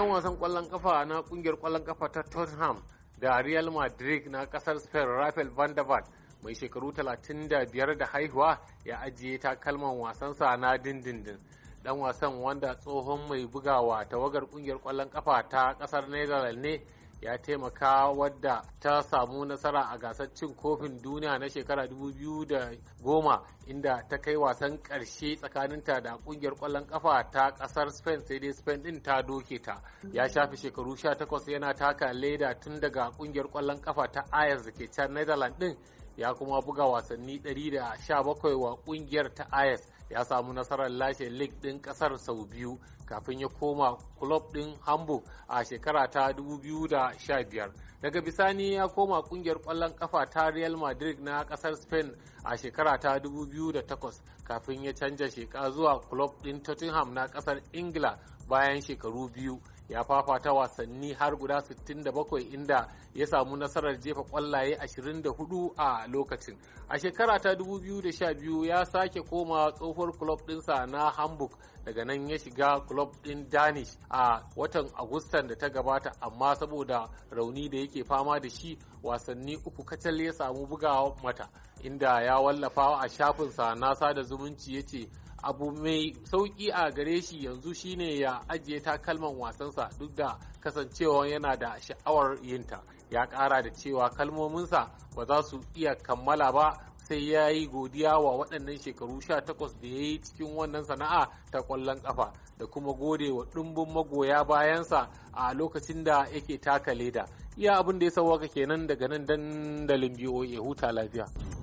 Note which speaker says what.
Speaker 1: 'yan wasan kwallon kafa na kungiyar kwallon kafa ta tottenham da real madrid na kasar spain rafael van der Vaart mai shekaru 35 da haihuwa ya ajiye takalman wasansa na dindindin dan wasan wanda tsohon mai bugawa tawagar kungiyar kwallon kafa ta kasar netherlands ne ya taimaka wadda ta samu nasara a gasar cin kofin duniya na shekara 2010 inda ta kai wasan karshe tsakaninta da kungiyar kwallon kafa ta kasar spain sai dai spain din ta doke ta ya shafi shekaru 18 yana taka leda tun daga kungiyar kwallon kafa ta ayers da ke can netherlands din ya kuma buga wasanni 117 wa kungiyar ta ayers ya samu nasarar lashe league din kasar sau biyu kafin ya koma club din hamburg a shekara ta 2015 daga bisani ya koma kungiyar kwallon kafa ta real madrid na kasar spain a shekara ta 2008 kafin ya canja sheka zuwa club din tottenham na kasar ingila bayan shekaru biyu ya fafata wasanni har guda 67 inda ya samu nasarar jefa kwallaye 24 a lokacin a shekara ta 2012 ya sake koma tsohuwar club dinsa na hamburg daga nan ya shiga club din danish a watan agustan da ta gabata amma saboda rauni da yake fama da shi wasanni uku kacal ya samu bugawa mata inda ya wallafa a shafinsa na sada zumunci ya ce abu mai sauki a gare shi yanzu shine ya ajiye takalman wasansa duk da kasancewa yana da sha'awar yinta ya kara da cewa kalmominsa ba za su iya kammala ba sai ya yi godiya wa waɗannan shekaru sha takwas da ya yi cikin wannan sana'a ta ƙwallon ƙafa da kuma gode wa ɗumbin magoya bayansa a lokacin da yake taka leda iya abin da ya sauwaka kenan daga nan dandalin ya huta lafiya.